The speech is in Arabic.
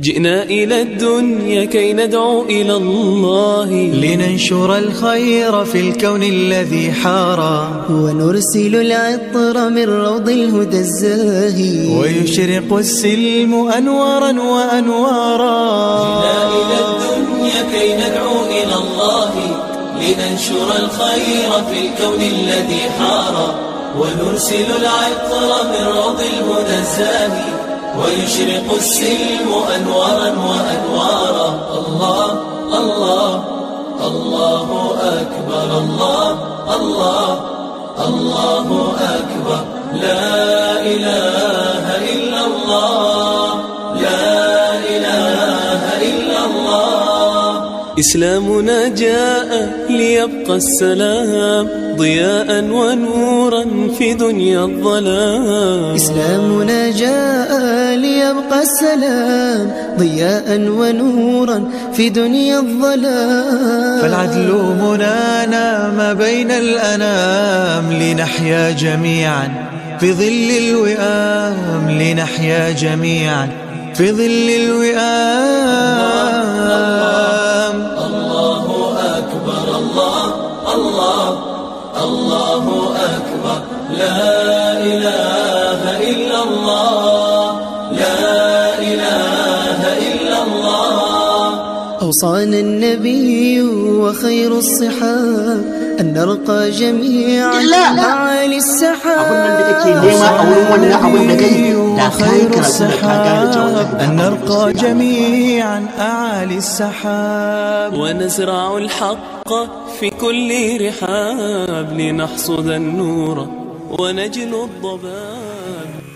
جئنا إلى الدنيا كي ندعو إلى الله لننشر الخير في الكون الذي حارى ونرسل العطر من روض الهدى الزاهي ويشرق السلم أنوارا وأنوارا جئنا إلى الدنيا كي ندعو إلى الله لننشر الخير في الكون الذي حارى ونرسل العطر من روض الهدى الزاهي ويشرق السلم أنوارا وأنوارا الله الله الله أكبر الله الله الله أكبر لا إله إلا الله إسلامنا جاء ليبقى السلام ضياء ونورا في دنيا الظلام إسلامنا جاء ليبقى السلام ضياء ونورا في دنيا الظلام فالعدل منانا ما بين الأنام لنحيا جميعا في ظل الوئام لنحيا جميعا في ظل الوئام الله الله الله الله أكبر لا إله إلا الله أوصانا النبي وخير الصحاب أن نرقى جميعا أعالي السحاب أن نرقى جميعا أعالي السحاب ونزرع الحق في كل رحاب لنحصد النور ونجل الضباب